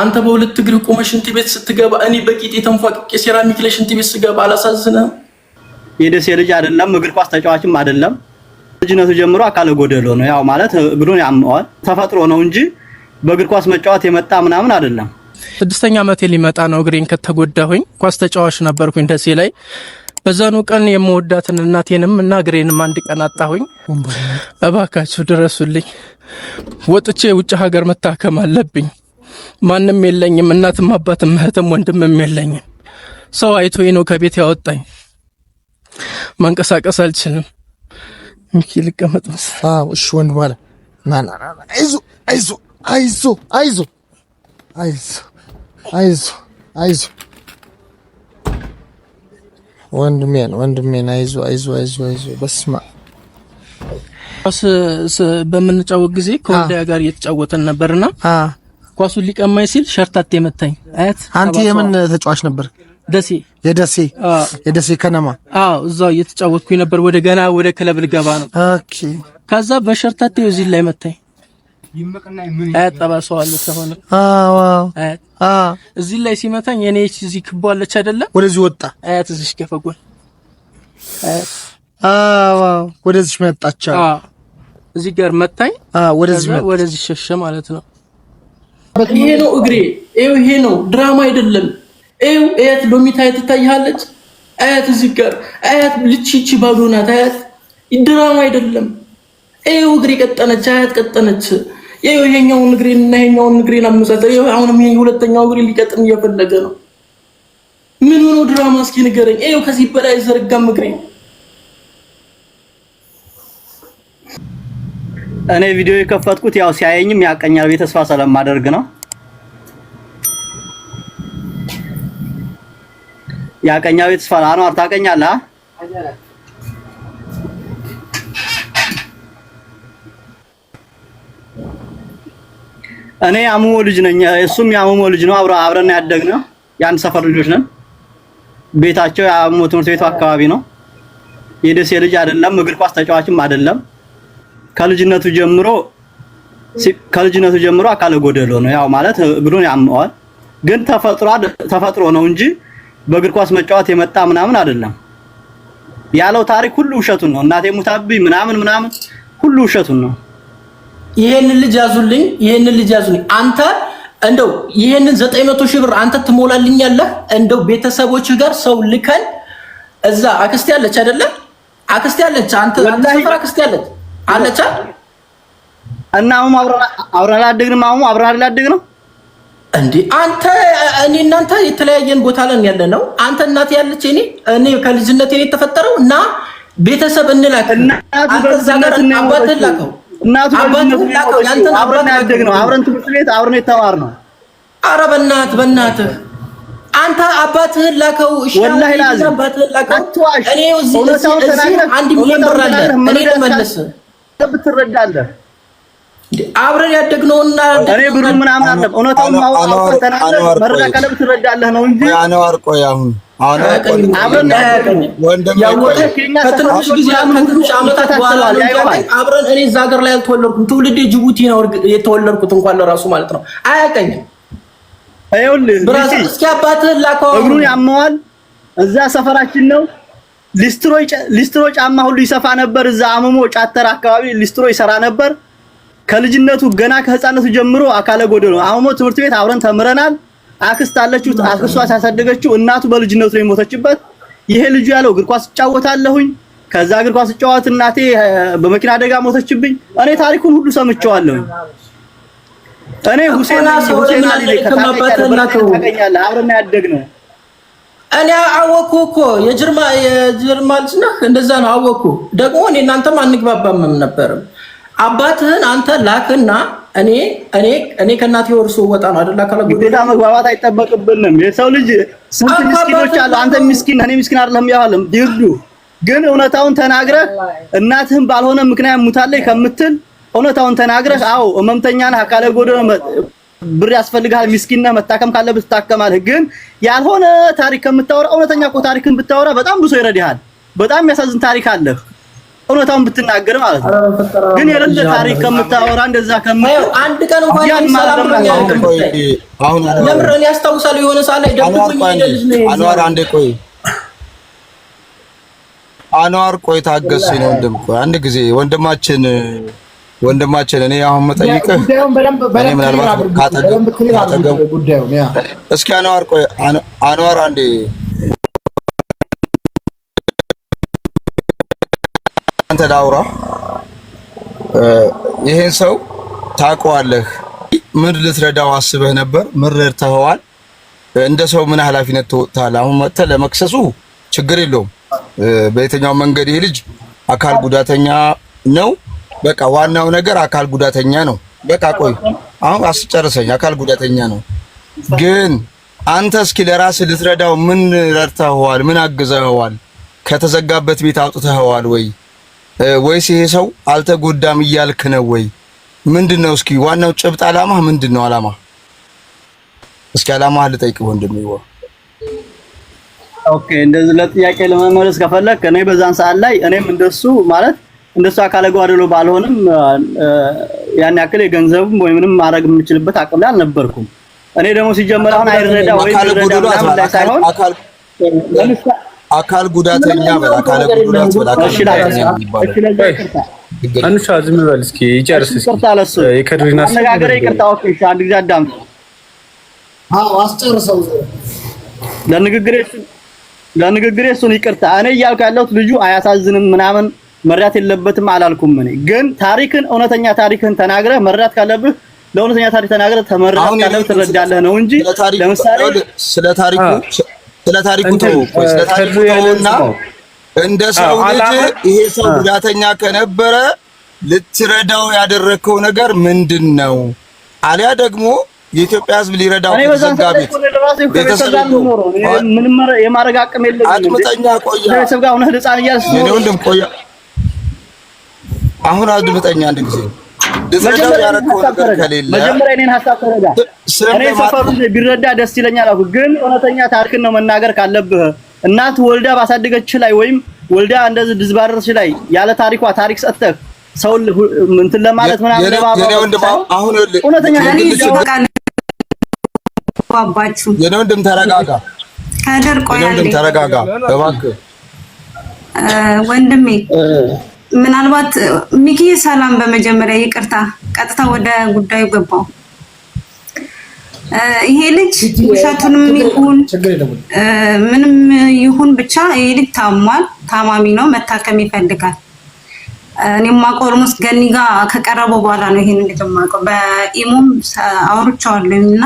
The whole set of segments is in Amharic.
አንተ በሁለት እግር ቆመ ሽንት ቤት ስትገባ እኔ በቂጤ ተንፏቅቄ ሴራሚክ ለሽንት ቤት ስገባ አላሳዝነም? የደሴ ልጅ አይደለም፣ እግር ኳስ ተጫዋችም አይደለም። ልጅነቱ ጀምሮ አካለ ጎደሎ ነው። ያው ማለት እግሩን ያምዋል ተፈጥሮ ነው እንጂ በእግር ኳስ መጫወት የመጣ ምናምን አይደለም። ስድስተኛ ዓመቴ ሊመጣ ነው። እግሬን ከተጎዳሁኝ ኳስ ተጫዋች ነበርኩኝ ደሴ ላይ በዛኑ ቀን የምወዳትን እናቴንም እና እግሬንም አንድ ቀን አጣሁኝ። እባካችሁ ድረሱልኝ። ወጥቼ ውጭ ሀገር መታከም አለብኝ። ማንም የለኝም፣ እናትም አባትም እህትም ወንድምም የለኝም። ሰው አይቶ ነው ከቤት ያወጣኝ። መንቀሳቀስ አልችልም። ሚኪ ልቀመጥ። አዎ እሺ ወንድም አለ። ና ና አይዞ አይዞ አይዞ አይዞ አይዞ አይዞ አይዞ ወንድሜን ወንድሜን፣ አይዞ አይዞ አይዞ አይዞ። በስማ በምንጫወት ጊዜ ከወዳያ ጋር እየተጫወተን ነበርና ኳሱን ሊቀማኝ ሲል ሸርታቴ መታኝ። አያት አንተ የምን ተጫዋች ነበር? ደሴ የደሴ የደሴ ከነማ አዎ፣ እዛው እየተጫወትኩኝ ነበር። ወደ ገና ወደ ክለብ ልገባ ነው። ኦኬ። ከዛ በሸርታቴ እዚህ ላይ መታኝ። አያት ጠባሳው አለ ተሆነ። አዎ፣ አዎ። እዚህ ላይ ሲመታኝ እኔ እዚህ ክቦ አለች አይደለም፣ ወደዚህ ወጣ። አያት እዚህ ገፈጎል። አዎ፣ ወደዚህ መጣች። አዎ፣ እዚህ ጋር መታኝ። አዎ፣ ወደዚህ ሸሸ ማለት ነው። ይሄ ነው እግሬ፣ ይሄ ነው ድራማ አይደለም። ይው አያት ሎሚታ ትታያለች። አያት እዚህ ጋር አያት ልቺቺ ባዶ ናት። አያት ድራማ አይደለም። ይው እግሬ ቀጠነች፣ አያት ቀጠነች። ይው ይሄኛውን እግሬን እና ይሄኛውን እግሬን አመሳሰል። ይው አሁንም ይሄ ሁለተኛው እግሬ ሊቀጥን እየፈለገ ነው። ምን ሆኖ ድራማ? እስኪ ንገረኝ። ይው ከዚህ በላይ ዘርጋም እግሬ እኔ ቪዲዮ የከፈትኩት ያው ሲያየኝም ያቀኛል ቤት ተስፋ ስለማደርግ ነው። ያቀኛ ቤት ተስፋ አንዋር ታቀኛለህ? እኔ አሙሞ ልጅ ነኝ፣ እሱም የአሙሞ ልጅ ነው። አብረ አብረን ያደግነው የአንድ ሰፈር ልጆች ነን። ቤታቸው የአሙሞ ትምህርት ቤቱ አካባቢ ነው። የደሴ ልጅ አይደለም፣ እግር ኳስ ተጫዋችም አይደለም። ከልጅነቱ ጀምሮ ከልጅነቱ ጀምሮ አካለ ጎደሎ ነው። ያው ማለት እግሩን ያመዋል፣ ግን ተፈጥሮ ነው እንጂ በእግር ኳስ መጫወት የመጣ ምናምን አይደለም። ያለው ታሪክ ሁሉ ውሸቱን ነው። እናቴ ሙታብኝ ምናምን ምናምን ሁሉ ውሸቱን ነው። ይሄንን ልጅ ያዙልኝ፣ ይሄንን ልጅ ያዙልኝ። አንተ እንደው ይሄንን 900 ሺህ ብር አንተ ትሞላልኛለህ? እንደው ቤተሰቦች ጋር ሰው ልከን እዛ አክስቴ ያለች አይደለ? አክስቴ አንተ አንተ አክስቴ አለቻ እና አሁን አብረን አላደግንም። አሁን አብረን አላደግንም እንዴ አንተ እኔ እናንተ የተለያየን ቦታ ላይ ያለ ነው። አንተ እናት ያለች እኔ እኔ ከልጅነት እኔ የተፈጠረው እና ቤተሰብ እንላክ አንተ ጋር አባት ላከው እናቱ ላከው ያንተ አብረን ያደግነው አብረን ትምህርት ቤት አብረን የተማርነው። ኧረ በእናት በእናትህ አንተ አባትህን ላከው። እሺ አባትህን ላከው። እኔ እዚህ አንድ ሚሊዮን ብር አለ እኔ ልመልስ ብትረዳለህ አብረን ያደግነውና እኔ ብሩ ምናምን አለ እውነታውን ማውጣት ተናለ መረዳ ካለ ብትረዳለህ ነው እንጂ አንዋር ቆይ አሁን አብረን እኔ እዛ ሀገር ላይ አልተወለድኩም። ትውልዴ ጅቡቲ ነው የተወለድኩት እንኳን ለራሱ ማለት ነው አያውቀኝም። እስኪ አባትህን ላከው። እግሩን ያመዋል። እዛ ሰፈራችን ነው ሊስትሮ ጫማ ሁሉ ይሰፋ ነበር። እዛ አመሞ ጫተር አካባቢ ሊስትሮ ይሰራ ነበር። ከልጅነቱ ገና ከህፃነቱ ጀምሮ አካለ ጎደሎ ነው። አመሞ ትምህርት ቤት አብረን ተምረናል። አክስት አለችው፣ አክስቷ ያሳደገችው እናቱ በልጅነቱ ነው የሞተችበት። ይሄ ልጁ ያለው እግር ኳስ እጫወታለሁኝ። ከዛ እግር ኳስ እጫወት እናቴ በመኪና አደጋ ሞተችብኝ። እኔ ታሪኩን ሁሉ ሰምቼዋለሁ። እኔ ሁሴን ሁሴን አሊ ታገኛለህ አብረን ያደግነው እኔ አወኩ እኮ የጅርማ የጅርማ ልጅ ነህ፣ እንደዛ ነው አወኩ። ደግሞ እኔ እናንተም አንግባባምም ነበርም። አባትህን አንተ ላክና እኔ እኔ እኔ ከእናቴ ወርሶ ወጣ ነው አይደል? አካለ ጉዴታ መግባባት አይጠበቅብንም። የሰው ልጅ ስንት ምስኪኖች አሉ። አንተ ምስኪን እኔ ምስኪን አይደለም ያለም ይርዱ። ግን እውነታውን ተናግረህ እናትህን ባልሆነ ምክንያት ሙታለች ከምትል እውነታውን ተናግረህ አዎ ህመምተኛ ነህ አካለ ጎደሎ ብር ያስፈልግሃል ሚስኪና፣ መታከም ካለብህ ትታከማለህ። ግን ያልሆነ ታሪክ ከምታወራ እውነተኛ እኮ ታሪክን ብታወራ በጣም ብዙ ይረዳሃል። በጣም የሚያሳዝን ታሪክ አለህ እውነታውን ብትናገር ማለት ነው። ግን የሌለ ታሪክ ከምታወራ እንደዛ ከምታወራ አንድ ቀን እንኳን ለምር እኔ አስታውሳለሁ የሆነ ሰዓት ላይ አንዋር አንዴ ቆይ አንዋር ቆይ ታገስ ነው ወንድም፣ አንድ ጊዜ ወንድማችን ወንድማችን እኔ አሁን መጠይቅህ እኔ ምናልባት ካጠገብ እስኪ አንዋር ቆይ አንዋር አንዴ አንተ ዳውራ ይሄን ሰው ታውቀዋለህ። ምን ልትረዳው አስበህ ነበር? ምን ረድተኸዋል? እንደ ሰው ምን ኃላፊነት ተወጥታል? አሁን መጥተህ ለመክሰሱ ችግር የለውም። በየትኛው መንገድ ይህ ልጅ አካል ጉዳተኛ ነው በቃ ዋናው ነገር አካል ጉዳተኛ ነው። በቃ ቆይ አሁን አስጨርሰኝ። አካል ጉዳተኛ ነው ግን አንተ እስኪ ለራስ ልትረዳው ምን ረድተኸዋል? ምን አግዘኸዋል? ከተዘጋበት ቤት አውጥተኸዋል ወይ? ወይስ ይሄ ሰው አልተጎዳም እያልክ ነው ወይ? ምንድን ነው እስኪ ዋናው ጭብጥ አላማ ምንድን ነው? አላማ እስኪ አላማ ልጠይቅ ወንድም ይወ ኦኬ። እንደዚህ ለጥያቄ ለመመለስ ከፈለክ እኔ በዛን ሰዓት ላይ እኔም እንደሱ ማለት እንደሱ አካለ ጓደሎ ባልሆንም ያን ያክል የገንዘብም ወይ ምንም ማድረግ የምችልበት አቅም ላይ አልነበርኩም። እኔ ደግሞ ሲጀመር አሁን አይረዳ ወይ ረዳ ሳይሆን አካል ጉዳተኛ በል አካል አንሻ ዝም በል እስኪ ይጨርስ። እስኪ የከድሪና አነጋገር ይቅርታ። ኦኬ እሺ፣ አንድ ጊዜ አዳምጥ። አዎ አስጨርሰው። ለንግግሬ እሱን ይቅርታ እኔ እያልኩ ያለሁት ልጁ አያሳዝንም ምናምን መርዳት የለበትም አላልኩም። ምን ግን ታሪክን እውነተኛ ታሪክን ተናግረህ መርዳት ካለብህ ለእውነተኛ ታሪክ ተናግረህ ተመርዳት ካለብህ ትረዳለህ ነው እንጂ ለምሳሌ ስለ ታሪኩ ስለ ታሪኩ ተው ስለ ታሪኩ ተውና እንደ ሰው ልጅ ይሄ ሰው ጉዳተኛ ከነበረ ልትረዳው ያደረከው ነገር ምንድን ነው? አሊያ ደግሞ የኢትዮጵያ ሕዝብ ሊረዳው ተዘጋቢት ምንም የማረግ አቅም የለኝም። አጥምጠኛ ቆያ ቤተሰብ ጋር ሆነህ ህፃን ቆያ አሁን አድምጠኝ አንድ ጊዜ መጀመሪያ እኔን ሀሳብ ተረዳ። እኔ ሰፈሩ ቢረዳ ደስ ይለኛል አልኩህ። ግን እውነተኛ ታሪክን ነው መናገር ካለብህ እናት ወልዳ ባሳደገች ላይ ወይም ወልዳ እንደዚህ ድዝባረርሽ ላይ ያለ ታሪኳ ታሪክ ሰጥተህ ሰው እንትን ለማለት ምናምን የኔ ወንድም ተረጋጋ፣ ያለ ተረጋጋ እባክህ ወንድሜ ምናልባት ሚኪ ሰላም፣ በመጀመሪያ ይቅርታ፣ ቀጥታ ወደ ጉዳዩ ገባው። ይሄ ልጅ ውሸቱንም ይሁን ምንም ይሁን ብቻ ይሄ ልጅ ታሟል፣ ታማሚ ነው፣ መታከም ይፈልጋል። እኔ የማውቀው ኦልሞስ ገኒ ጋር ከቀረበው በኋላ ነው ይሄን ልጅ ማቆ በኢሙም አውርቼዋለሁ እና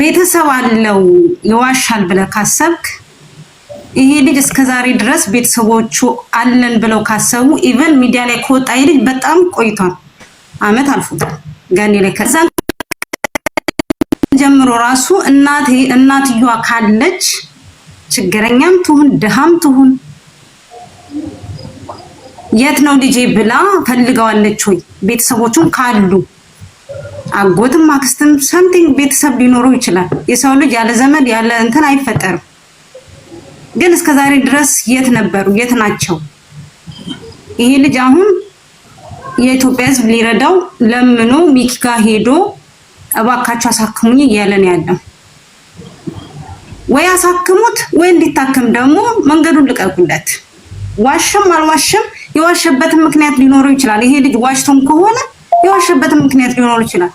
ቤተሰብ አለው ይዋሻል ብለህ ካሰብክ ይሄ ልጅ እስከ ዛሬ ድረስ ቤተሰቦቹ አለን ብለው ካሰቡ ኢቨን ሚዲያ ላይ ከወጣ ይሄ ልጅ በጣም ቆይቷል፣ አመት አልፎታል። ጋኔ ላይ ከዛ ጀምሮ ራሱ እናቴ እናትየዋ ካለች ችግረኛም ትሁን ድሃም ትሁን የት ነው ልጄ ብላ ፈልገዋለች ወይ ቤተሰቦቹም ካሉ አጎትም አክስትም ሰምቲንግ ቤተሰብ ሊኖረው ይችላል። የሰው ልጅ ያለ ዘመድ ያለ እንትን አይፈጠርም። ግን እስከ ዛሬ ድረስ የት ነበሩ? የት ናቸው? ይሄ ልጅ አሁን የኢትዮጵያ ሕዝብ ሊረዳው ለምኖ ሚኪ ጋር ሄዶ እባካችሁ አሳክሙኝ እያለን ያለው ወይ አሳክሙት ወይ እንዲታከም ደግሞ መንገዱን ልቀቁለት። ዋሽም አልዋሽም የዋሸበትን ምክንያት ሊኖረው ይችላል። ይሄ ልጅ ዋሽቶም ከሆነ የዋሸበትን ምክንያት ሊኖረው ይችላል።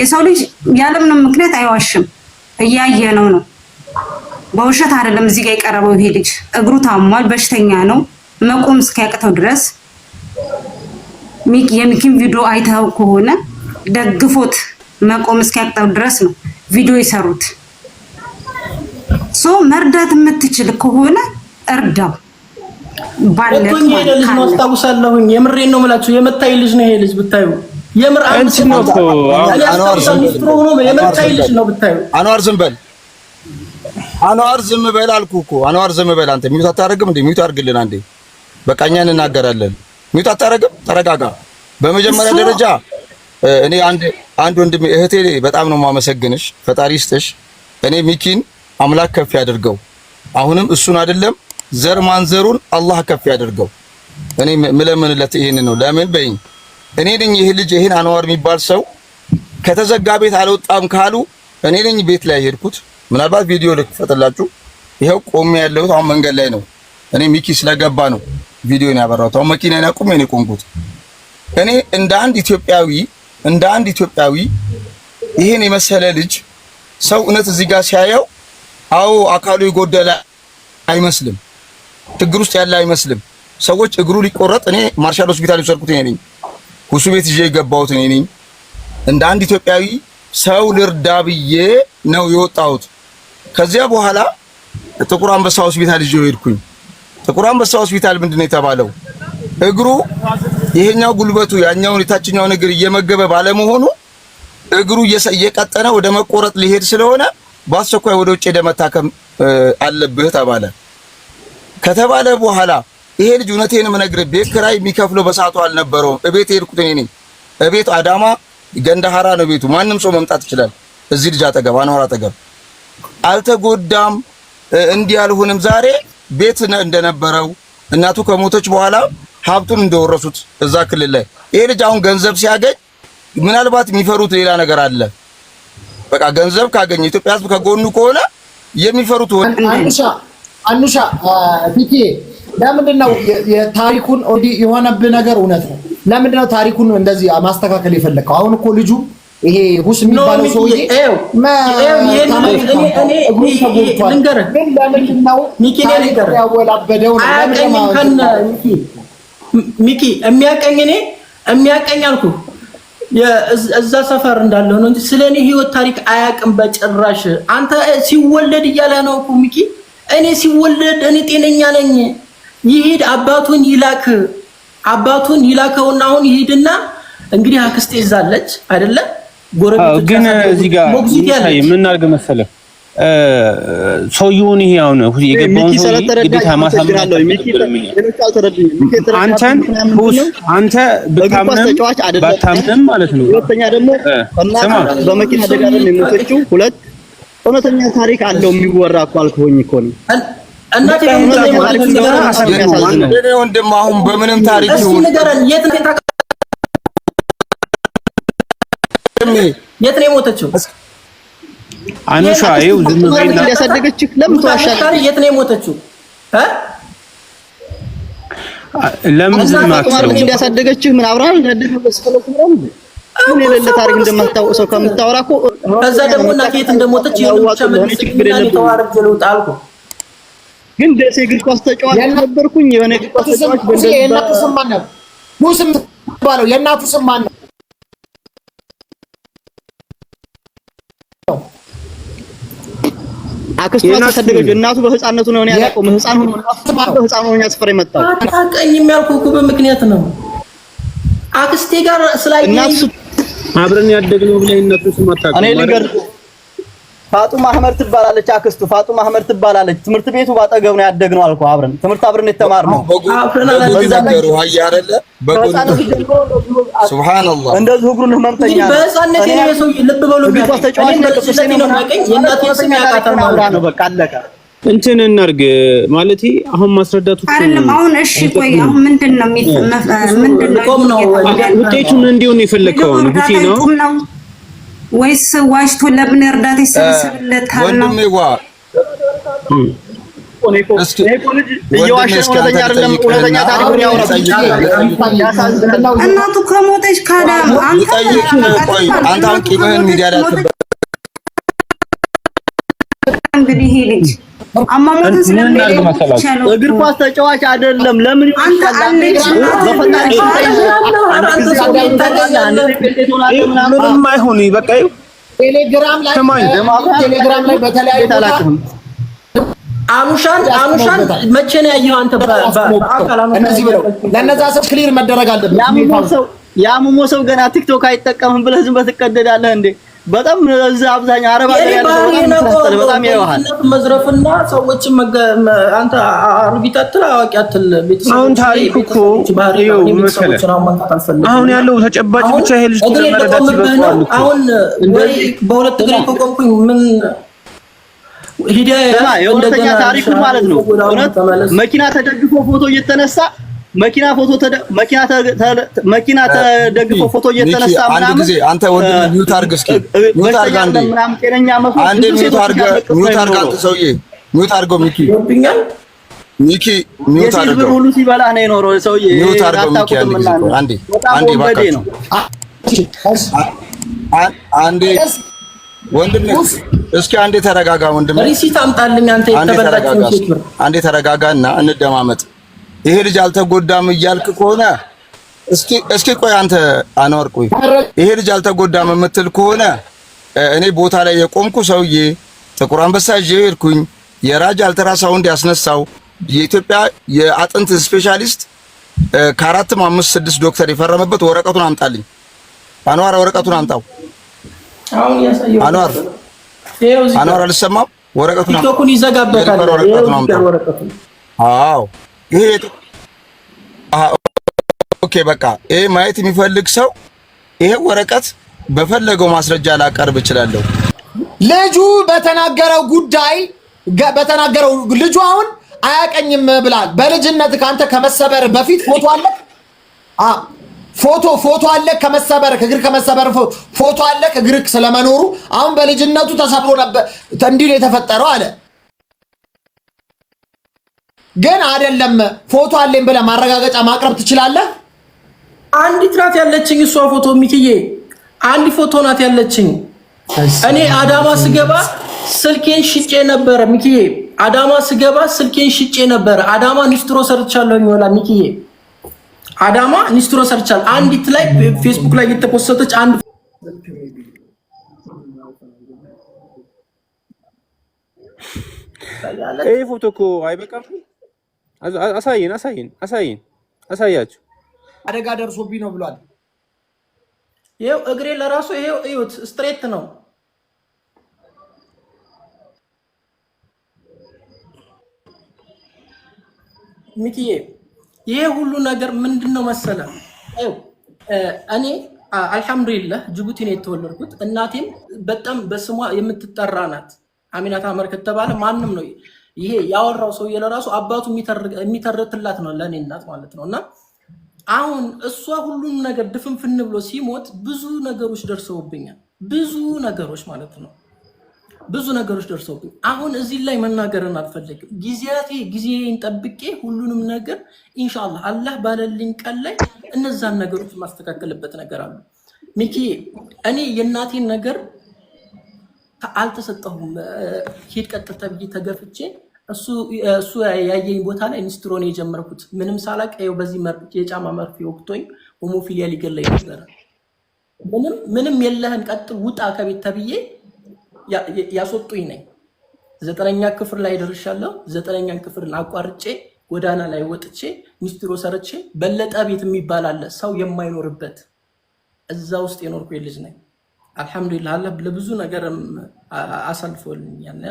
የሰው ልጅ ያለምንም ምክንያት አይዋሽም። እያየ ነው ነው በውሸት አይደለም እዚህ ጋር የቀረበው። ይሄ ልጅ እግሩ ታሟል፣ በሽተኛ ነው፣ መቆም እስኪያቅተው ድረስ የሚኪን ቪዲዮ አይተው ከሆነ ደግፎት መቆም እስኪያቅተው ድረስ ነው ቪዲዮ የሰሩት። ሶ መርዳት የምትችል ከሆነ እርዳው። ባለቀው ልጅ ማስታውሳለሁኝ። የምሬን ነው የምላችሁ፣ የመታይ ልጅ ነው ይሄ ልጅ ብታዩ የምር አንቺ ነው አንዋር ዝም በል አንዋር ዝም በል አልኩህ እኮ አንዋር ዝም በል አንተ። ሚውት አታረግም እንዴ? ሚውት አርግልን አንዴ። በቃ እኛ እንናገራለን። ሚውት ተረጋጋ። በመጀመሪያ ደረጃ እኔ አንድ አንድ ወንድሜ እህቴ በጣም ነው የማመሰግንሽ። ፈጣሪ ይስጥሽ። እኔ ሚኪን አምላክ ከፍ ያድርገው። አሁንም እሱን አይደለም ዘር ማንዘሩን አላህ ከፍ ያድርገው። እኔ ምለምንለት ይሄን ነው። ለምን በይኝ። እኔ ነኝ ይሄ ልጅ ይሄን አንዋር የሚባል ሰው ከተዘጋ ቤት አልወጣም ካሉ እኔ ነኝ ቤት ላይ ሄድኩት ምናልባት ቪዲዮ ልክፈትላችሁ። ይኸው ቆሜ ያለሁት አሁን መንገድ ላይ ነው። እኔ ሚኪ ስለገባ ነው ቪዲዮን ያበራሁት። አሁን መኪናዬን አቁሜ ነው የቆምኩት። እኔ እንደ አንድ ኢትዮጵያዊ እንደ አንድ ኢትዮጵያዊ ይሄን የመሰለ ልጅ ሰው እውነት እዚህ ጋር ሲያየው አዎ አካሉ የጎደለ አይመስልም፣ ችግር ውስጥ ያለ አይመስልም። ሰዎች እግሩ ሊቆረጥ እኔ ማርሻል ሆስፒታል የወሰድኩት እኔ ነኝ፣ ሁሱ ቤት ይዤ የገባሁት እኔ ነኝ። እንደ አንድ ኢትዮጵያዊ ሰው ልርዳ ብዬ ነው የወጣሁት። ከዚያ በኋላ ጥቁር አንበሳ ሆስፒታል ይዤው ሄድኩኝ። ጥቁር አንበሳ ሆስፒታል ምንድነው የተባለው? እግሩ ይሄኛው ጉልበቱ ያኛውን የታችኛውን እግር እየመገበ ባለመሆኑ እግሩ እየቀጠነ ወደ መቆረጥ ሊሄድ ስለሆነ በአስቸኳይ ወደ ውጭ ደመታከም አለብህ ተባለ። ከተባለ በኋላ ይሄ ልጅ እውነቴን የምነግርህ ቤት ኪራይ የሚከፍለው በሰዓቱ አልነበረውም። እቤት ሄድኩት እኔ ነኝ። እቤት አዳማ ገንዳሃራ ነው ቤቱ። ማንም ሰው መምጣት ይችላል። እዚህ ልጅ አጠገብ አኗር አጠገብ አልተጎዳም፣ እንዲህ አልሆንም። ዛሬ ቤት እንደነበረው እናቱ ከሞተች በኋላ ሀብቱን እንደወረሱት እዛ ክልል ላይ ይሄ ልጅ አሁን ገንዘብ ሲያገኝ ምናልባት የሚፈሩት ሌላ ነገር አለ። በቃ ገንዘብ ካገኘ ኢትዮጵያ ሕዝብ ከጎኑ ከሆነ የሚፈሩት ሆነ። አንሻ ቢቲ ለምንድን ነው የታሪኩን የሆነብህ ነገር እውነት ነው። ለምንድን ነው ታሪኩን እንደዚህ ማስተካከል የፈለግከው? አሁን እኮ ልጁ ይሄ ሁስ የሚባለው ሰውዬ ሚኪ የሚያቀኝ እኔ የሚያቀኝ አልኩ እዛ ሰፈር እንዳለው ነው ስለ እኔ ህይወት ታሪክ አያቅም በጭራሽ። አንተ ሲወለድ እያለ ነው እኮ ሚኪ። እኔ ሲወለድ እኔ ጤነኛ ነኝ። ይሄድ አባቱን ይላክ አባቱን ይላከውና አሁን ይሄድና እንግዲህ አክስቴ ይዛለች አይደለም ግን እዚህ ጋር ምን አድርገህ መሰለህ ሰውየውን ይሄ አሁን የገባውን ግዴታ ማሳመን አንተ ብታምንም ባታምንም ማለት ነው። ሁለተኛ ደግሞ በመኪና አደጋ ደግሞ የሞተችው ሁለት እውነተኛ ታሪክ አለው የሚወራ እኮ አልከሆኝ እኮ ነው። እናቴ ወንድም አሁን በምንም ታሪክ ይሁን የት ነው የሞተችው? አንሻ ይኸው ዝም ብላ ያሳደገችህ ለምን ተዋሻለህ? የት ነው የሞተችው? ለምን ዝም እንዳሳደገችህ ምን ምናምን ምን የሌለ ታሪክ እንደማታውቀው ከምታወራ እኮ ከዛ ደግሞ እናቴ የት እንደሞተች ግን ደሴ እግር ኳስ ተጫዋች ነበርኩኝ። የሆነ እግር ኳስ ተጫዋች በእንደዚህ ባለው የእናቱ ስም ማን ነው? አክስቷ ተሰደገች። እናቱ በህፃነቱ ነው ያቆመ ህፃን ሆኖ ህፃን ሆኖ ሰፈር የመጣው አታውቅኝም ያልኩህ እኮ በምክንያት ነው። አክስቴ ጋር ስላየ እናቱ አብረን ያደግነው ብለህ እነሱ ስም አታውቅም። ፋጡማ አህመድ ትባላለች። አክስቱ ፋጡማ አህመድ ትባላለች። ትምህርት ቤቱ ባጠገብ ነው ያደግነው አልኩ። አብረን ትምህርት አብረን የተማርነው እንደዚህ እግሩን ህመምተኛ ነው። በቃ አለቀ። እንትን እናድርግ ማለት አሁን ማስረዳቱ አይደለም። አሁን እሺ፣ ቆይ አሁን ምንድን ነው ምንድን ነው ውጤቱን እንዲሁን የፈለግከው ነው ነው ወይስ ዋሽቶ ለምን እርዳታ ይሰበሰብለታል ነው? ወንድሜዋ እናቱ ከሞተች ካዳም አንተ አንተ አማሞትን ነው። እግር ኳስ ተጫዋች አይደለም። ለምን ምንም አይሆን። በቃ አኑሻን አኑሻን መቼ ነው አንተ? ብለው ለነዛ ሰው ክሊር መደረግ አለበት። ሰው ገና ቲክቶክ አይጠቀምም ብለህ ዝም ብለህ ትቀደዳለህ እንዴ? በጣም እዛ አብዛኛው አረብ ሀገር ያለው በጣም መዝረፍና ሰዎችን አንተ አዋቂ አትል። አሁን ታሪክ እኮ አሁን ያለው ተጨባጭ ብቻ ይሄ ልጅ አሁን በሁለት እግሬ ከቆምኩኝ ምን ሂዳ የሁለተኛ ታሪኩ ማለት ነው። እውነት መኪና ተደግፎ ፎቶ እየተነሳ መኪና ፎቶ መኪና ተደግፎ ፎቶ እየተነሳ አንድ ጊዜ አንተ ሚውት አድርግ እስኪ ሚውት አድርግ ሚውት አድርግ ሚውት አድርግ አንተ ሰውዬ ሚውት አድርገው ሚኪ ሚኪ ሚውት አድርገው ሁሉ ሲበላ ነው የኖረው ሰውዬ ሚውት አድርገው ሚኪ አንዴ አንዴ አንዴ እስኪ አንዴ ተረጋጋ ሪሲት አምጣልኝ አንተ የተበላችሁ አንዴ እንደማመጥ ይሄ ልጅ አልተጎዳም እያልክ ከሆነ እስኪ እስኪ ቆይ አንተ አንዋር ቆይ፣ ይሄ ልጅ አልተጎዳም የምትል ከሆነ እኔ ቦታ ላይ የቆምኩ ሰውዬ ጥቁር አንበሳ ይዤ ሄድኩኝ። የራጅ አልትራሳውንድ ያስነሳው የኢትዮጵያ የአጥንት ስፔሻሊስት ከአራትም አምስት ስድስት ዶክተር የፈረመበት ወረቀቱን አምጣልኝ። አንዋር ወረቀቱን አምጣው። አንዋር አንዋር አልሰማም። ወረቀቱን አምጣው። ይዘጋበታል። ወረቀቱን አምጣው። አዎ ይሄ ኦኬ በቃ ይሄ ማየት የሚፈልግ ሰው ይሄ ወረቀት በፈለገው ማስረጃ ላቀርብ እችላለሁ። ልጁ በተናገረው ጉዳይ በተናገረው ልጁ አሁን አያቀኝም ብላል። በልጅነት ከአንተ ከመሰበር በፊት ፎቶ አለ ፎቶ ፎቶ አለ ከመሰበር እግር ከመሰበር ፎቶ አለ እግር ስለመኖሩ አሁን በልጅነቱ ተሰብሮ ነበር እንዲህ ነው የተፈጠረው አለ። ግን አይደለም ፎቶ አለኝ ብለህ ማረጋገጫ ማቅረብ ትችላለህ። አንዲት ናት ያለችኝ እሷ ፎቶ ሚኪዬ፣ አንድ ፎቶ ናት ያለችኝ። እኔ አዳማ ስገባ ስልኬን ሽጬ ነበረ ሚኪዬ። አዳማ ስገባ ስልኬን ሽጬ ነበረ። አዳማ ኒስትሮ ሰርቻለሁ ይሆናል ሚኪዬ። አዳማ ኒስትሮ ሰርቻል። አንዲት ላይ ፌስቡክ ላይ የተፖሰተች አንድ ይህ ፎቶ እኮ አይበቃም። አሳየን አሳየን አሳየን አሳያችሁ። አደጋ ደርሶብኝ ነው ብሏል። ይኸው እግሬ ለራሱ ይኸው እዩት፣ ስትሬት ነው። ሚኪዬ ይሄ ሁሉ ነገር ምንድን ነው መሰለ፣ እኔ አልሐምዱሊላህ ጅቡቲ ነው የተወለድኩት። እናቴም በጣም በስሟ የምትጠራ ናት። አሚናት አመር ከተባለ ማንም ነው ይሄ ያወራው ሰውዬ ለራሱ አባቱ የሚተርትላት ነው ለእኔ እናት ማለት ነው። እና አሁን እሷ ሁሉም ነገር ድፍንፍን ብሎ ሲሞት ብዙ ነገሮች ደርሰውብኛል። ብዙ ነገሮች ማለት ነው። ብዙ ነገሮች ደርሰውብኝ አሁን እዚህ ላይ መናገርን አልፈለግም። ጊዜያቴ ጊዜን ጠብቄ ሁሉንም ነገር ኢንሻላ አላህ ባለልኝ ቀን ላይ እነዛን ነገሮች የማስተካከልበት ነገር አሉ። ሚኪ እኔ የእናቴን ነገር አልተሰጠሁም። ሂድ ቀጥል ተብዬ ተገፍቼ እሱ ያየኝ ቦታ ላይ ሚስትሮ ነው የጀመርኩት። ምንም ሳላቅ ይኸው በዚህ የጫማ መርፌ ወቅቶኝ ሆሞፊሊያ ሊገለኝ ነበረ። ምንም ምንም የለህን ቀጥል ውጣ ከቤት ተብዬ ያስወጡኝ ነኝ። ዘጠነኛ ክፍል ላይ ደርሻለሁ። ዘጠነኛ ክፍልን አቋርጬ ጎዳና ላይ ወጥቼ ሚስትሮ ሰርቼ በለጠ ቤት የሚባል አለ ሰው የማይኖርበት እዛ ውስጥ የኖርኩ ልጅ ነኝ። አልሐምዱሊላህ ለብዙ ነገርም አሳልፎልኛል።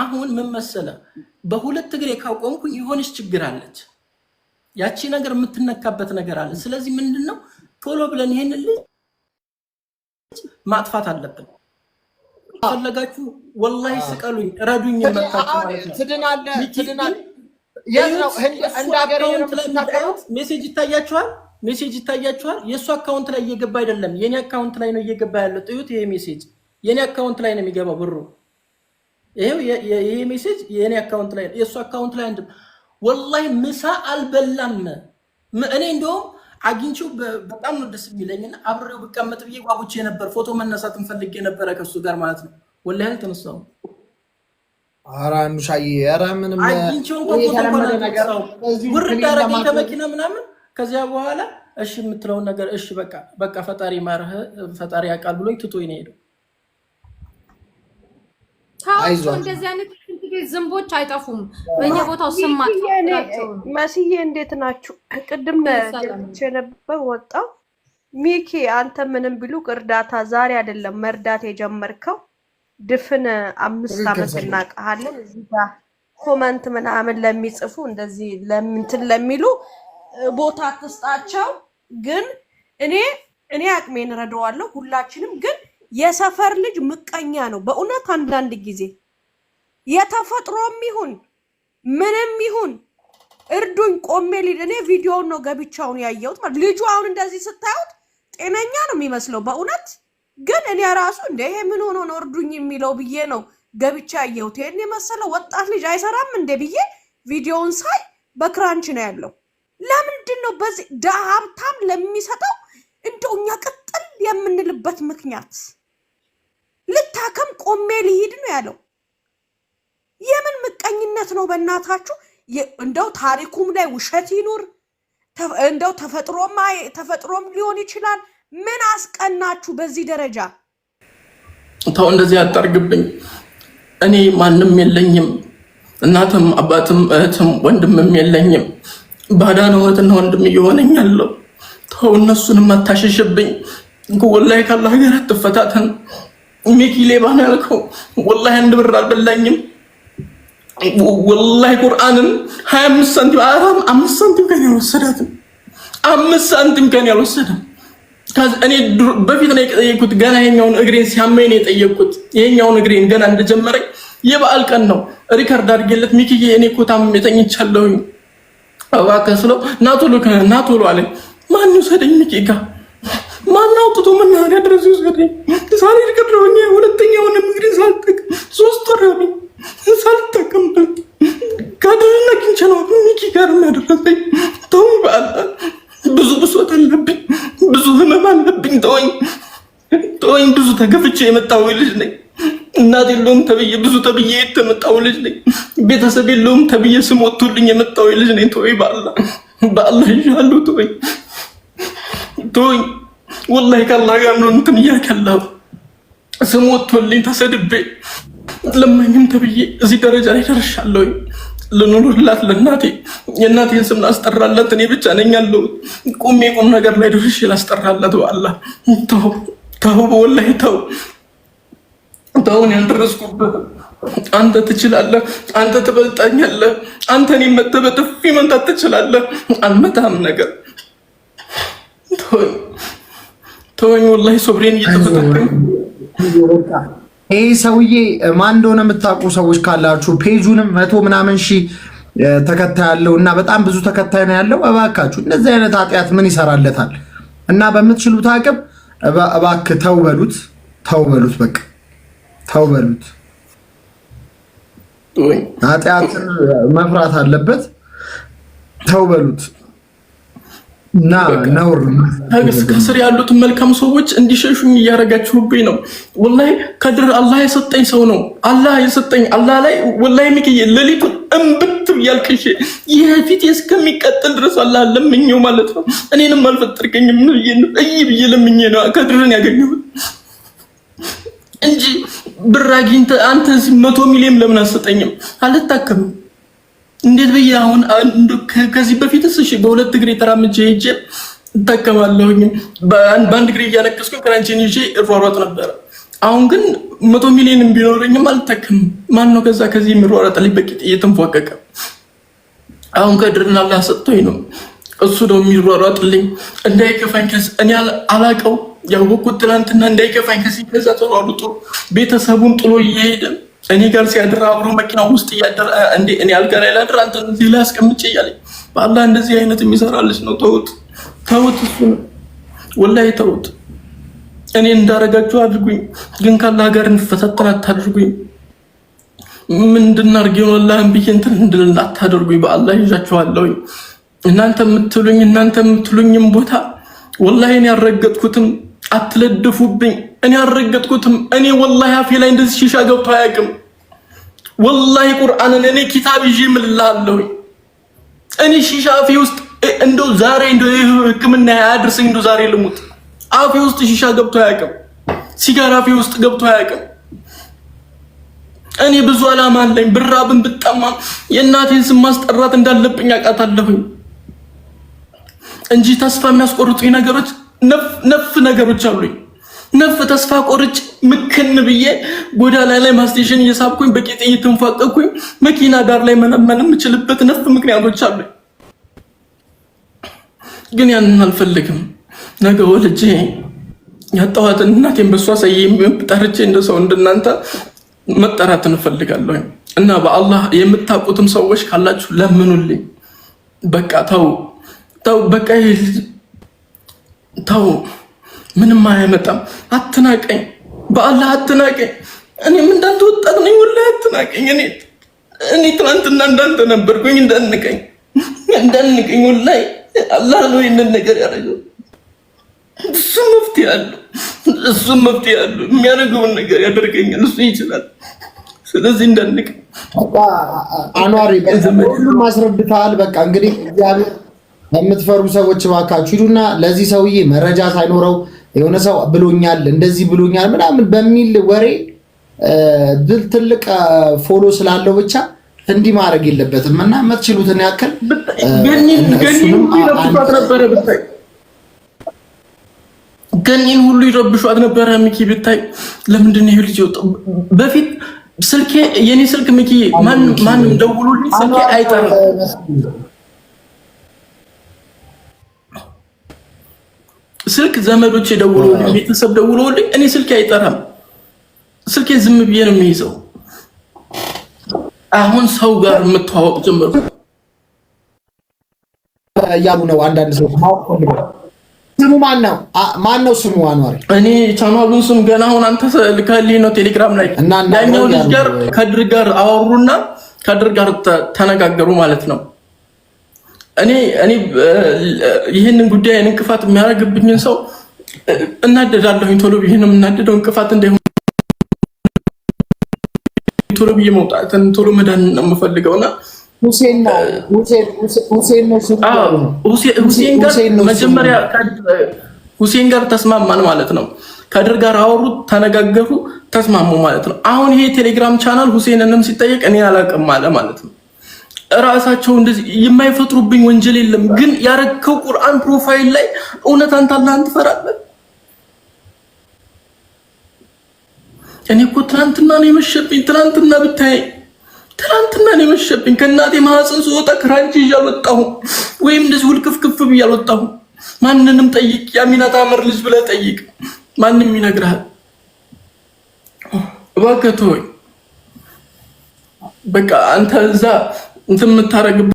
አሁን ምን መሰለ፣ በሁለት እግሬ ካቆምኩኝ የሆነች ችግር አለች። ያቺ ነገር የምትነካበት ነገር አለ። ስለዚህ ምንድን ነው ቶሎ ብለን ይሄን ልጅ ማጥፋት አለብን። ፈለጋችሁ ወላሂ ስቀሉኝ፣ ረዱኝ። ትድናለህ። የት ነው እንደ ሀገር ሜሴጅ ይታያችኋል። ሜሴጅ ይታያችኋል። የእሱ አካውንት ላይ እየገባ አይደለም፣ የኔ አካውንት ላይ ነው እየገባ ያለው። ጥዩት፣ ይሄ ሜሴጅ የኔ አካውንት ላይ ነው የሚገባው ብሩ። ይሄው ይሄ ሜሴጅ የኔ አካውንት ላይ የእሱ አካውንት ላይ አንድም። ወላሂ ምሳ አልበላም። እኔ እንደውም አግኝቼው በጣም ነው ደስ የሚለኝና አብሬው ብቀመጥ ብዬ ጓጉቼ ነበር። ፎቶ መነሳትን ፈልጌ ነበረ ከሱ ጋር ማለት ነው። ወላሂ አልተነሳሁም። ኧረ አኑሻዬ፣ ኧረ ምንም አግኝቼው እንኳን ፎቶ ነገር አልተነሳሁም። ውርድ ከመኪና ምናምን ከዚያ በኋላ እሺ የምትለውን ነገር እሺ በቃ በቃ ፈጣሪ ማርህ ፈጣሪ ያውቃል ብሎ ትቶኝ ነው የሄደው። እንደዚህ አይነት ዝንቦች አይጠፉም በየቦታው ስማ መስዬ እንዴት ናችሁ? ቅድም ገብቼ ነበር ወጣው። ሚኪ አንተ ምንም ቢሉ እርዳታ ዛሬ አይደለም መርዳት የጀመርከው ድፍን አምስት ዓመት እናውቅሃለን። እዚህ ጋር ኮመንት ምናምን ለሚጽፉ እንደዚህ ለምንትን ለሚሉ ቦታ አትስጣቸው። ግን እኔ እኔ አቅሜን እረዳዋለሁ። ሁላችንም ግን የሰፈር ልጅ ምቀኛ ነው በእውነት አንዳንድ ጊዜ የተፈጥሮም ይሁን ምንም ይሁን እርዱኝ፣ ቆሜ ሊል እኔ ቪዲዮውን ነው ገብቻውን ያየሁት። ማለት ልጁ አሁን እንደዚህ ስታዩት ጤነኛ ነው የሚመስለው በእውነት ግን እኔ ራሱ እንደ ይሄ ምን ሆኖ ነው እርዱኝ የሚለው ብዬ ነው ገብቻ ያየሁት። ይህን የመሰለ ወጣት ልጅ አይሰራም እንደ ብዬ ቪዲዮውን ሳይ በክራንች ነው ያለው። ለምንድን ነው በዚህ ሀብታም ለሚሰጠው እንደው እኛ ቅጥል የምንልበት ምክንያት? ልታከም ቆሜ ሊሄድ ነው ያለው። የምን ምቀኝነት ነው በእናታችሁ? እንደው ታሪኩም ላይ ውሸት ይኑር እንደው ተፈጥሮም ሊሆን ይችላል። ምን አስቀናችሁ በዚህ ደረጃ? ተው እንደዚህ አጠርግብኝ እኔ ማንም የለኝም፣ እናትም አባትም እህትም ወንድምም የለኝም። ባዳን እህትና ወንድም እየሆነኝ ያለው ተው፣ እነሱንም አታሸሽብኝ። ወላሂ ካለ ሀገር አትፈታተን። ሚኪ ሌባ ነው ያልከው ወላሂ አንድ ብር አልበላኝም። ወላሂ ቁርአንን ሀያ አምስት ሳንቲም አራም አምስት ሳንቲም ከኔ አልወሰዳትም። አምስት ሳንቲም ከኔ ያልወሰዳም። እኔ በፊት ነው የጠየኩት። ገና ይሄኛውን እግሬን ሲያመኝ ነው የጠየኩት። ይሄኛውን እግሬን ገና እንደጀመረኝ የበዓል ቀን ነው ሪከርድ አድርጌለት ሚኪ እኔ ኮታም ታምሜ እባክህ ስለው ናቶሎ ናቶሎ አለኝ። ማን ውሰደኝ ሚኪ ጋ ማን አውጥቶ መናኸሪያ ድረስ ውሰደኝ። ሳልሄድ ቀረሁኝ። ሁለተኛውን እንግዲህ ሳልጠቅም ሶስት ወር ሆነኝ ሳልጠቅም ካድርና አግኝቼ ነው ሚኪ ጋር ያደረሰኝ። ተውኝ፣ በአላ ብዙ ብሶት አለብኝ፣ ብዙ ህመም አለብኝ። ተወኝ፣ ተወኝ። ብዙ ተገፍቼ የመጣሁ ልጅ ነኝ። እናት የለውም ተብዬ ብዙ ተብዬ የተመጣው ልጅ ነኝ። ቤተሰብ የለውም ተብዬ ስም ወጥቶልኝ የመጣው ልጅ ነኝ። ተወኝ፣ በአላህ በአላህ ይሻለሁ። ተወኝ፣ ተወኝ። ወላሂ ከአላህ ጋር ነው እንትን እያከላሁ ስም ወጥቶልኝ ተሰድቤ ለማኝም ተብዬ እዚህ ደረጃ ላይ ደርሻለሁ። ልኑርላት ለእናቴ የእናቴን ስም ላስጠራላት እኔ ብቻ ነኝ ያለሁት። ቁሜ ቁም ነገር ላይ ደርሼ ላስጠራላት በአላህ ተው፣ ተው፣ ወላሂ ተው። በአሁን ያልደረስኩብህ አንተ ትችላለህ። አንተ ትበልጣኛለህ። አንተ እኔን መተህ በጥፊ መምታት ትችላለህ። አልመታህም ነገር ተወኝ። ወላሂ ሶብሬን እየተፈጠቀኝ ይህ ሰውዬ ማን እንደሆነ የምታውቁ ሰዎች ካላችሁ ፔጁንም መቶ ምናምን ሺ ተከታይ ያለው እና በጣም ብዙ ተከታይ ነው ያለው። እባካችሁ እንደዚህ አይነት ኃጢአት ምን ይሰራለታል? እና በምትችሉት አቅም እባክህ ተው በሉት፣ ተው በሉት በቃ ተው በሉት። ኃጢአትን መፍራት አለበት። ተው በሉት እና ነውር ከስር ያሉትን መልካም ሰዎች እንዲሸሹኝ እያደረጋችሁብኝ ነው። ወላሂ ከድር አላህ የሰጠኝ ሰው ነው። አላህ የሰጠኝ አላህ ላይ ወላሂ ሚክዬ ሌሊቱን እምብት ብያልክሽ ይህ ፊት እስከሚቀጥል ድረስ አላህ ለምኘው ማለት ነው። እኔንም አልፈጠርከኝም ብዬ ነው እይ ብዬ ለምኜ ነው ከድርን ያገኘሁት እንጂ ብር አግኝተህ አንተ መቶ ሚሊዮን ለምን አሰጠኝም? አልታከምም። እንዴት ብዬ አሁን ከዚህ በፊትስ እሺ በሁለት እግሬ ተራምጄ ሄጄ እታከማለሁኝ። በአንድ እግሬ እያለቀስኩ ክራንቼን ይዤ እሯሯጥ ነበረ። አሁን ግን መቶ ሚሊዮን ቢኖረኝም አልታከምም። ማን ነው ከዛ ከዚህ የሚሯሯጥልኝ? በቂጥ እየተንፏቀቀ አሁን ከድርና ላሰጥቶኝ ነው እሱ ነው የሚሯሯጥልኝ። እንዳይከፋኝ እኔ አላቀው ያወቅሁት ትናንትና እንዳይገፋኝ ከዚህ ከዛ ተሯሩጦ ቤተሰቡን ጥሎ እየሄደ እኔ ጋር ሲያድር አብሮ መኪና ውስጥ እያደረ እኔ አልጋ ላይ ላድር አንተ እዚህ ላይ አስቀምጭ እያለ በአላህ እንደዚህ አይነት የሚሰራልች ነው። ተውት ተውት፣ እሱ ነው ወላሂ ተውት። እኔ እንዳረጋችሁ አድርጉኝ፣ ግን ካላህ ጋር እንፈታተን አታድርጉኝ። ምንድናርግ እንድናርግ ነው አላህን ብዬ እንትን እንድልና አታደርጉኝ። በአላህ ይዣችኋለሁኝ። እናንተ የምትሉኝ እናንተ የምትሉኝም ቦታ ወላሂ ያረገጥኩትም አትለደፉብኝ። እኔ አልረገጥኩትም። እኔ ወላሂ አፌ ላይ እንደዚህ ሺሻ ገብቶ አያውቅም። ወላሂ ቁርአንን እኔ ኪታብ ይዤ እምልልሃለሁ። እኔ ሺሻ አፌ ውስጥ እንደው ዛሬ እንደው ሕክምና አያድርሰኝ እንደው ዛሬ ልሙት። አፌ ውስጥ ሺሻ ገብቶ አያውቅም። ሲጋራ አፌ ውስጥ ገብቶ አያውቅም። እኔ ብዙ አላማ አለኝ። ብራብን ብጠማ የእናቴን ስም ማስጠራት እንዳለብኝ አውቃታለሁኝ እንጂ ተስፋ የሚያስቆርጡኝ ነገሮች ነፍ ነገሮች አሉኝ። ነፍ ተስፋ ቆርጭ ምክን ብዬ ጎዳና ላይ ማስቴሽን እየሳብኩኝ በቂጤ እየተንፏቀኩኝ መኪና ዳር ላይ መለመን የምችልበት ነፍ ምክንያቶች አሉኝ። ግን ያንን አልፈልግም። ነገ ወልጄ ያጣኋትን እናቴን በእሷ ሰዬ ጠርቼ እንደ ሰው እንደናንተ መጠራት እንፈልጋለሁ። እና በአላህ የምታውቁትም ሰዎች ካላችሁ ለምኑልኝ። በቃ ተው ተው፣ በቃ ተው፣ ምንም አያመጣም። አትናቀኝ፣ በአላህ አትናቀኝ። እኔም እንዳንተ ወጣት ነኝ። ወላሂ አትናቀኝ። እኔ እኔ ትናንትና እንዳንተ ነበርኩኝ። እንዳንቀኝ እንዳንቀኝ። ወላሂ አላህ ነው ይህንን ነገር ያደረገው። እሱ መፍትሄ አለው። እሱ መፍትሄ አለው። የሚያደርገውን ነገር ያደርገኛል። እሱ ይችላል። ስለዚህ እንዳንቀኝ። አኗሪ ማስረድተሃል። በቃ እንግዲህ እግዚአብሔር የምትፈሩ ሰዎች እባካችሁ ሂዱና ለዚህ ሰውዬ መረጃ ሳይኖረው የሆነ ሰው ብሎኛል እንደዚህ ብሎኛል ምናምን በሚል ወሬ ድል ትልቅ ፎሎ ስላለው ብቻ እንዲህ ማድረግ የለበትም እና የምትችሉትን ያክል ገኒን ሁሉ ይረብሿት ነበረ። ሚኪ ብታይ ለምንድን ይሄ ልጅ ወጣ? በፊት ስልኬ የኔ ስልክ ሚኪ ማንም ደውሉልኝ ስልኬ አይጠራም። ስልክ ዘመዶች የደውሎ ቤተሰብ ደውለውልኝ፣ እኔ ስልክ አይጠራም። ስልኬ ዝም ብዬ ነው የሚይዘው። አሁን ሰው ጋር የምተዋወቅ ጀምር እያሉ ነው። አንዳንድ ሰው ስሙ ማን ነው? ማን ነው ስሙ? አኗሪ እኔ ቻናሉን ስም ገና አሁን አንተ ልከህልኝ ነው ቴሌግራም ላይ። ያኛው ልጅ ጋር ከድር ጋር አወሩና ከድር ጋር ተነጋገሩ ማለት ነው እኔ እኔ ይህንን ጉዳይ እንቅፋት የሚያደርግብኝን ሰው እናደዳለሁኝ። ቶሎ ብዬ ነው የምናደደው። እንቅፋት እንዳይሆን ቶሎ ብዬ መውጣትን ቶሎ መዳን ነው የምፈልገው እና መጀመሪያ ሁሴን ጋር ተስማማን ማለት ነው። ከድር ጋር አወሩ፣ ተነጋገሩ፣ ተስማሙ ማለት ነው። አሁን ይሄ ቴሌግራም ቻናል ሁሴንንም ሲጠየቅ እኔ አላውቅም አለ ማለት ነው። ራሳቸው እንደዚህ የማይፈጥሩብኝ ወንጀል የለም። ግን ያረከው ቁርአን ፕሮፋይል ላይ እውነት አንተ አላህን ትፈራለህ? እኔ እኮ ትናንትና ነው የመሸብኝ። ትናንትና ብታይ ትናንትና ነው የመሸብኝ። ከእናቴ ማህፀን ስወጣ ክራንች ይዤ አልወጣሁም፣ ወይም እንደዚህ ውልቅፍክፍ ብዬ አልወጣሁም። ማንንም ጠይቅ፣ የአሚናት አመር ልጅ ብለህ ጠይቅ፣ ማንም ይነግርሃል። እባክህ ተወኝ በቃ አንተ እዛ እንትን የምታደርግበት